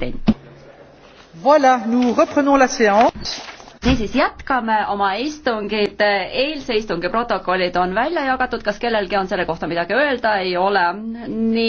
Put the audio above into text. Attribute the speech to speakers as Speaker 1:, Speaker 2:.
Speaker 1: president.
Speaker 2: niisiis, jätkame oma istungit, eilse istungi protokollid on välja jagatud, kas kellelgi on selle kohta midagi
Speaker 3: öelda, ei ole, nii